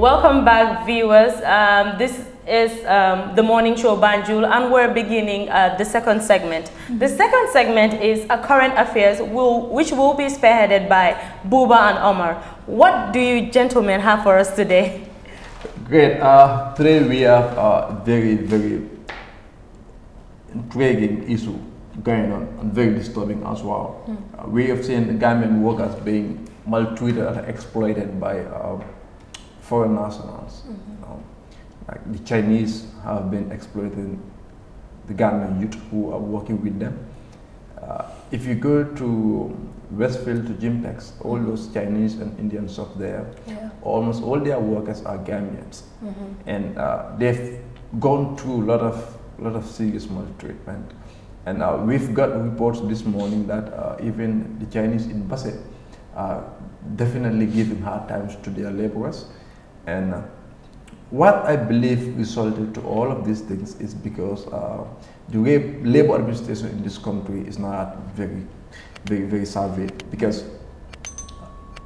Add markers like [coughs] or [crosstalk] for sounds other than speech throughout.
Welcome back, viewers. Um, this is um, the morning show Banjul, and we're beginning uh, the second segment. Mm -hmm. The second segment is a current affairs, will, which will be spearheaded by Buba and Omar. What do you gentlemen have for us today? Great. Uh, today we have a very, very intriguing issue going on and very disturbing as well. Mm. Uh, we have seen government workers being maltreated and exploited by um, foreign nationals. Mm -hmm. like the Chinese have been exploiting the Ghanaian youth who are working with them. Uh, if you go to Westfield to Jimpex, all mm-hmm. those Chinese and Indian shops there, yeah. almost all their workers are Gambians, mm -hmm. and uh, they've gone through a lot of lot of serious maltreatment. And uh, we've got reports this morning that uh, even the Chinese in Basse are uh, definitely giving hard times to their laborers. And uh, what I believe resulted to all of these things is because uh, the way labor administration in this country is not very, very, very savvy. Because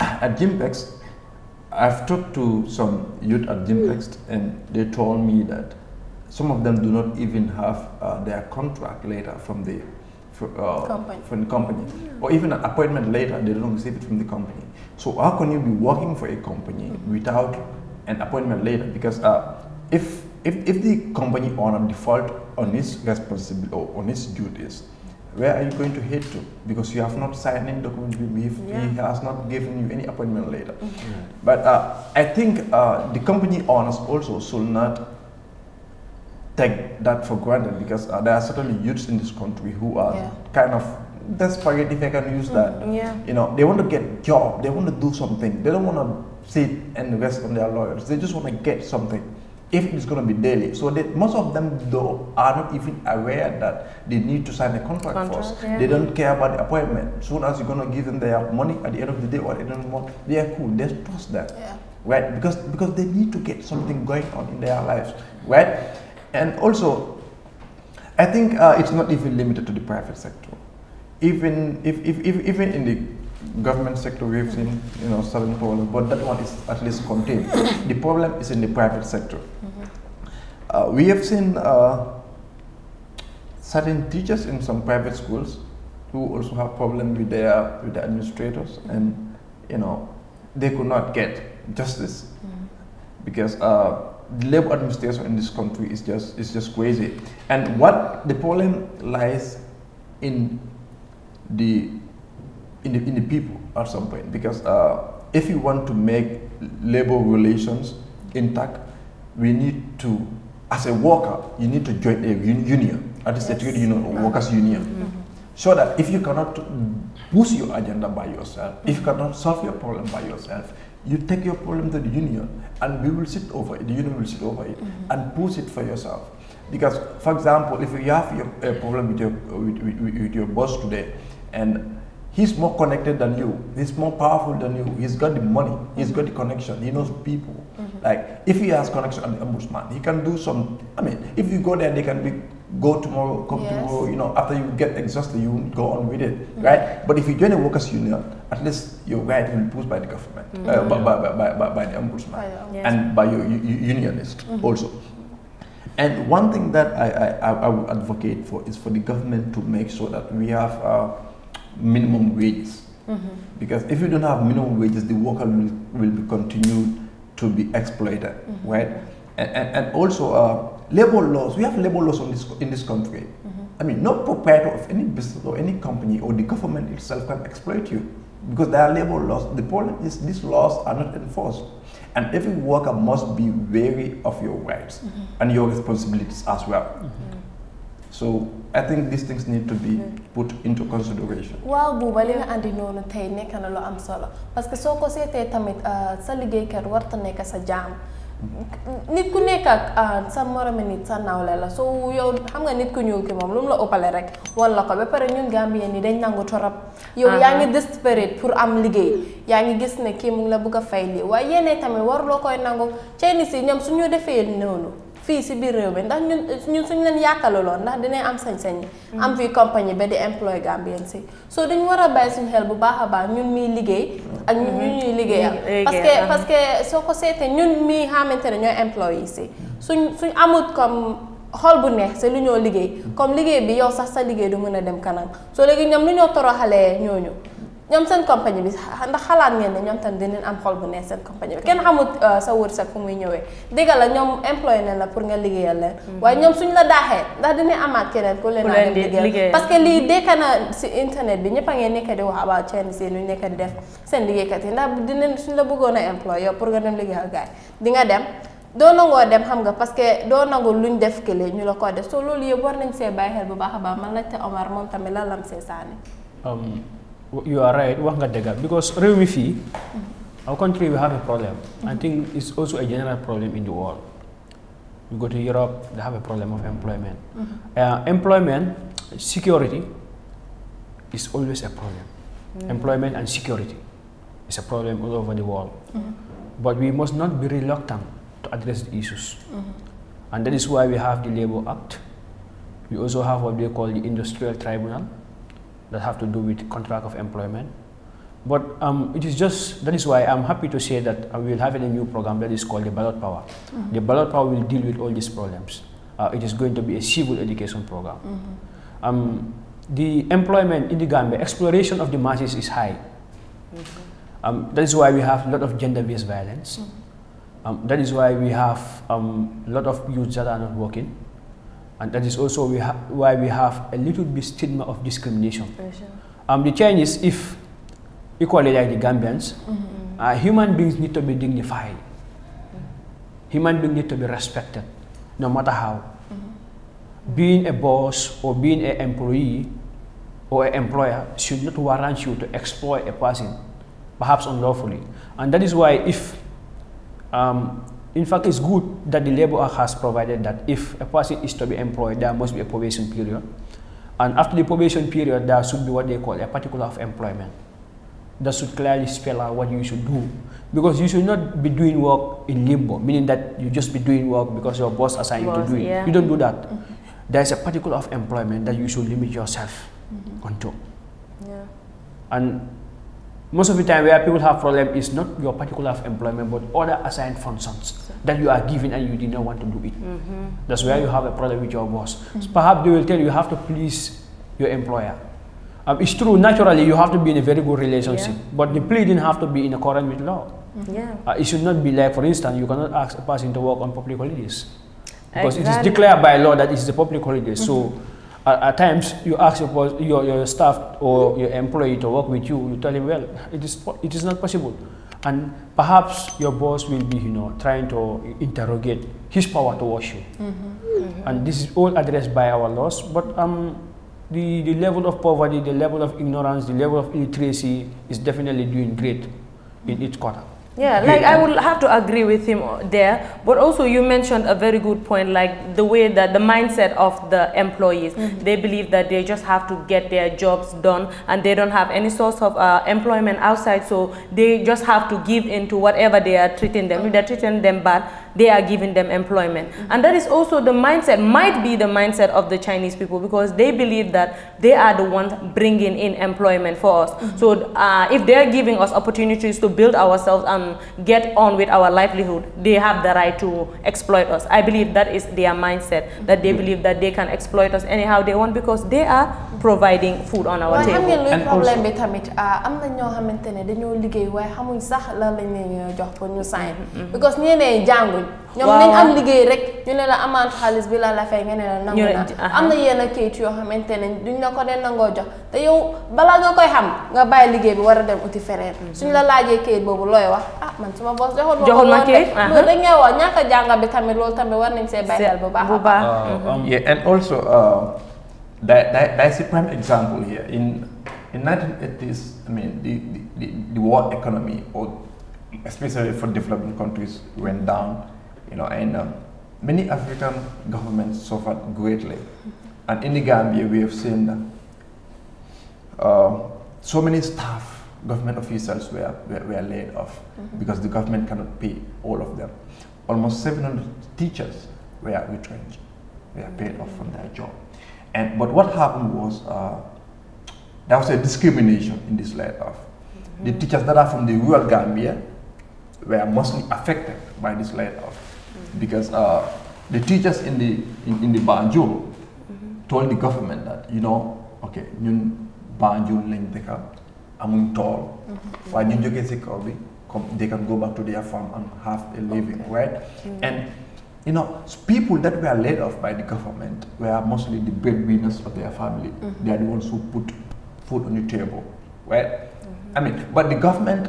uh, at Gimpex, I've talked to some youth at Gimpex and they told me that some of them do not even have uh, their contract later from the for, uh, company. from the company, yeah. or even an appointment later they don't receive it from the company. So how can you be working for a company mm -hmm. without an appointment later? Because uh, if, if if the company owner default on its responsibility or on its duties, where are you going to head to? Because you have not signed any document with yeah. he has not given you any appointment later. Mm -hmm. But uh, I think uh, the company owners also should not take that for granted because uh, there are certainly youths in this country who are yeah. kind of desperate if I can use that. Mm, yeah. You know, they want to get job, they want to do something. They don't want to sit and rest on their lawyers. They just want to get something if it's going to be daily. So they, most of them though are not even aware that they need to sign a contract, contract first. Yeah. They don't care about the appointment. Soon as you're going to give them their money at the end of the day or at the end of the month, they are cool. They trust that. Yeah. Right? Because because they need to get something going on in their lives. Right? And also, I think uh, it's not even limited to the private sector. Even if, if, if even in the government sector, we've seen you know certain problems, but that one is at least contained. [coughs] the problem is in the private sector. Mm -hmm. uh, we have seen uh, certain teachers in some private schools who also have problems with their with the administrators, and you know they could not get justice mm -hmm. because uh, the labor administration in this country is just is just crazy. And what the problem lies in the in the, in the people at some point because uh, if you want to make labor relations intact, we need to as a worker you need to join a union at the statutory you know workers union. Mm -hmm. So that if you cannot push your agenda by yourself, if you cannot solve your problem by yourself, you take your problem to the union and we will sit over it, the union will sit over it mm -hmm. and push it for yourself. Because, for example, if you have your, a problem with your, with, with, with your boss today and he's more connected than you, he's more powerful than you, he's got the money, he's mm -hmm. got the connection, he knows people. Mm -hmm. Like, if he has connection with the ombudsman, he can do some, I mean, if you go there, they can be go tomorrow, come yes. tomorrow, you know, after you get exhausted, you go on with it, mm-hmm. right? But if you join a workers' union, at least your guide will be pushed by the government, mm -hmm. uh, by, by, by, by, by the ombudsman, yes. and by your unionist mm -hmm. also. And one thing that I, I, I would advocate for is for the government to make sure that we have uh, minimum wages. Mm -hmm. Because if you don't have minimum wages, the worker will, will be continued to be exploited, mm -hmm. right? And, and, and also, uh, labor laws, we have labor laws on this, in this country. Mm -hmm. I mean, no proprietor of any business or any company or the government itself can exploit you because there are labor laws. The problem is these laws are not enforced. And every worker must be wary of your rights mm -hmm. and your responsibilities as well. Mm -hmm. So I think these things need to be mm-hmm. put into consideration. Well, buuba li nga andi noonu tey nekk na lu am solo Paske que soo ko seetee tamit euh, sa liggéeykat warta nekk sa jam. nit ku nekk ak sa moromi nit sa nawle la soo yow xam nga nit ku ñuul ki moom lu mu la ëppale rek wan la ko ba pare ñun Gambien nii dañ nangu torop yow yaa ngi desperate pour am liggéey yaa ngi gis ne kii mu ngi la bëgg a fay lii waaye yéen tamit waruloo koy nangu Chinese yi ñoom suñu defee noonu fii si biir réew bi ndax ñun ñun suñ leen yàkkaluloon ndax dinañ am sañ-sañ am mm-hmm. fii compagnie ba di employé Gambien si soo dañu war a bàyyi suñu xel bu baax a baax ñun miy liggéey ak ñun mm-hmm. ñuy liggéeyal mm-hmm. parce uh-huh. soo ko seetee ñun mii xamante ne ñooy employé si suñ suñ amut comme xool bu neex c'est lu ñoo liggéey comme liggéey bi yow sax sa liggéey du mën a dem kanam soo léegi ñoom lu ñoo toroxalee ñooñu ñoom seen compagnie bi ndax xalaat ngeen ne ñoom tam dinañ am xol bu neex seen compagnie bi kenn xamul euh, sa wërsëg fu muy ñëwee dégg la ñoom employé nañ la pour nga liggéeyal leen mm-hmm. waaye ñoom suñ la daaxee ndax dinañ amaat keneen ku leen a liggéeyal parce que lii dekka na si internet bi ñëpp a ngeen nekk di nekk di def seen liggéeykat yi ndax dinañ suñ bëggoon a employé yow pour nga dem liggéeyal gaay di nga dem doo nangoo dem xam nga parce que doo nangu luñ def kële ñu la ko def soo loolu yëpp war nañ see bàyyi xel bu baax a baax man laajte Omar moom tamit la lam see um, you are right ah. because réew mm-hmm. our country we have a problem I mm-hmm. think it's also a general problem in the world you go to Europe they have a problem of employment mm-hmm. uh, employment security is always a problem mm. employment and security is a problem all over the world but we must not be reluctant to address the issues and that is why we have the Labour Act we also have what they call the Industrial Tribunal that have to do with contract of employment. But um, it is just, that is why I'm happy to say that uh, we will have a new program that is called the ballot power. Mm -hmm. The ballot power will deal with all these problems. Uh, it is going to be a civil education program. Mm -hmm. um, the employment in the Gambia, exploration of the masses is high. Mm -hmm. um, that is why we have a lot of gender-based violence. Mm-hmm. Um, that is why we have a um, lot of youths that are not working. And that is also we why we have a little bit stigma of discrimination. Sure. Um, the change is if, equally like the Gambians, mm -hmm. uh, human beings need to be dignified. Mm -hmm. Human beings need to be respected, no matter how. Mm -hmm. Being a boss or being an employee or an employer should not warrant you to exploit a person, perhaps unlawfully. And that is why if um, in fact, it's good that the Labour Act has provided that if a person is to be employed, there must be a probation period. And after the probation period, there should be what they call a particular of employment. That should clearly spell out what you should do. Because you should not be doing work in limbo, meaning that you just be doing work because your boss assigned you to do it. Yeah. You don't do that. Mm -hmm. There's a particular of employment that you should limit yourself mm -hmm. onto. Yeah. And most of the time where people have problem is not your particular employment but other assigned functions that you are given and you did not want to do it mm -hmm. that's where you have a problem with your boss mm -hmm. so perhaps they will tell you you have to please your employer um, it's true naturally you have to be in a very good relationship yeah. but the pleading have to be in accordance with law mm-hmm. yeah. Uh, it should not be like for instance you cannot ask a person to work on public holidays because exactly. it is declared by law that it is a public holiday mm -hmm. so mm-hmm. At, at times, you ask your, your, your staff or your employee to work with you, you tell him, well, it is, it is not possible. And perhaps your boss will be, you know, trying to interrogate his power towards you. Mm -hmm. Mm -hmm. And this is all addressed by our laws. But um, the, the level of poverty, the level of ignorance, the level of illiteracy is definitely doing great in each quarter. Yeah, like I would have to agree with him there. But also, you mentioned a very good point, like the way that the mindset of the employees, mm -hmm. they believe that they just have to get their jobs done and they don't have any source of uh, employment outside, so they just have to give in to whatever they are treating them. If they're treating them bad, they are giving them employment. Mm -hmm. And that is also the mindset, might be the mindset of the Chinese people because they believe that they are the ones bringing in employment for us. Mm -hmm. So uh, if they're giving us opportunities to build ourselves and get on with our livelihood, they have the right to exploit us. I believe that is their mindset, that they believe that they can exploit us anyhow they want because they are providing food on our table. Uh, mm-hmm. because nangu. ñoom nañ am liggéey rek ñu ne la amaan xaalis bi laa la fay nga ne la nangu naa am na yenn kayit yoo xamante ne duñ la ko den nangoo jox te yow balaa nga koy xam nga bàyyi liggéey bi war a dem uti feneen mhm. suñ la laajee kayit boobu looy wax ah man suma boss joxul ma joxul ma kayit loolu rek ngay wax ñàkk a bi tamit loolu tamit war nañ see bàyyi bu baax bu baax uh, um, mhm. yeah and also uh, that, that, that's a prime example here in in 1980s i mean the the, the, the world economy or especially for developing countries, went down. You know, and uh, many African governments suffered greatly. And in the Gambia, we have seen uh, so many staff, government officials were, were, were laid off mm -hmm. because the government cannot pay all of them. Almost 700 teachers were retrenched, were paid off from their job. And, but what happened was uh, there was a discrimination in this layoff. Mm -hmm. The mm-hmm. teachers that are from the rural Gambia were mostly affected by this layoff because uh, the teachers in the in, in the Banjul mm -hmm. told the government that you know okay ñun Banjul lañ dëkk amuñ tool mm-hmm. waaye ñu jógee you get sick comme they can go back to their farm and have a living okay. right mm -hmm. and you know people that were laid off by the government were mostly the breadwinners of their family mm -hmm. they are the ones who put food on the table right mm-hmm. I mean but the government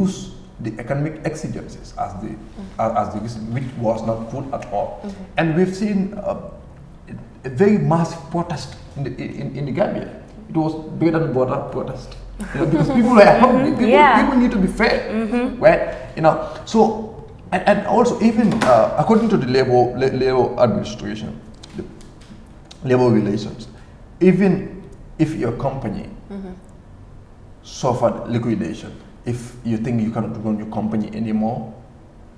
used the economic exigencies as the mm -hmm. as the which was not good at all, mm -hmm. and we've seen a, uh, a, very massive protest in the, in, in the Gambia. It was bigger than border protest you know, because people are hungry. [laughs] People, yeah. people need to be fed, mm -hmm. right? You know, so and, and also even uh, according to the labor labor administration, the labor relations, even if your company mm-hmm. suffered liquidation if you think you cannot run your company anymore,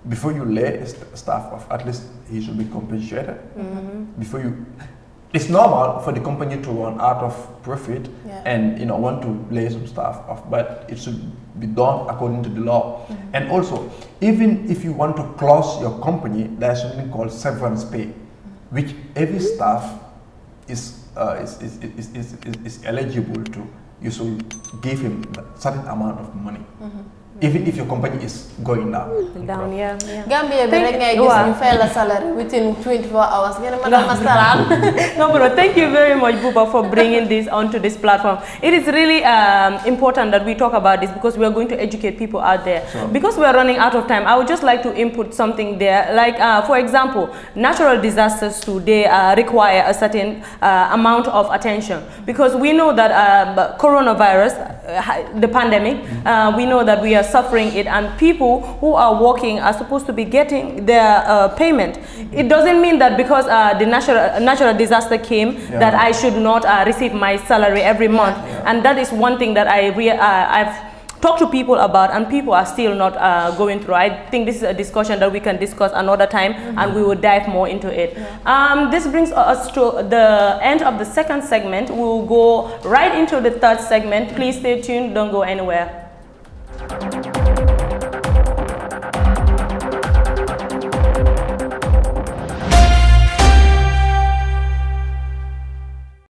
before you lay st- staff off, at least he should be compensated. Mm-hmm. Before you, it's normal for the company to run out of profit yeah. and you know want to lay some staff off, but it should be done according to the law. Mm-hmm. And also, even if you want to close your company, there's something called severance pay, which every staff is, uh, is, is, is, is, is eligible to you should give him a certain amount of money. Mm -hmm even if your company is going down. Down, yeah. yeah. Gambia bi rek ngay gis ñu fay la salary within 24 hours. Nga ne No, bro, [laughs] thank you very much, Buba, for bringing this onto this platform. It is really um, important that we talk about this because we are going to educate people out there. Sure. Because we are running out of time, I would just like to input something there. Like, uh, for example, natural disasters today uh, require a certain uh, amount of attention because we know that uh, coronavirus, uh, the pandemic, mm-hmm. uh, we know that we are suffering it and people who are working are supposed to be getting their uh, payment. It doesn't mean that because uh, the natural, uh, natural disaster came yeah. that I should not uh, receive my salary every month. Yeah. And that is one thing that I re uh, I've talked to people about and people are still not uh, going through. I think this is a discussion that we can discuss another time mm -hmm. and mm-hmm. we will dive more into it. Yeah. Um, this brings us to the end of the second segment. We'll go right into the third segment. Please stay tuned. Don't go anywhere.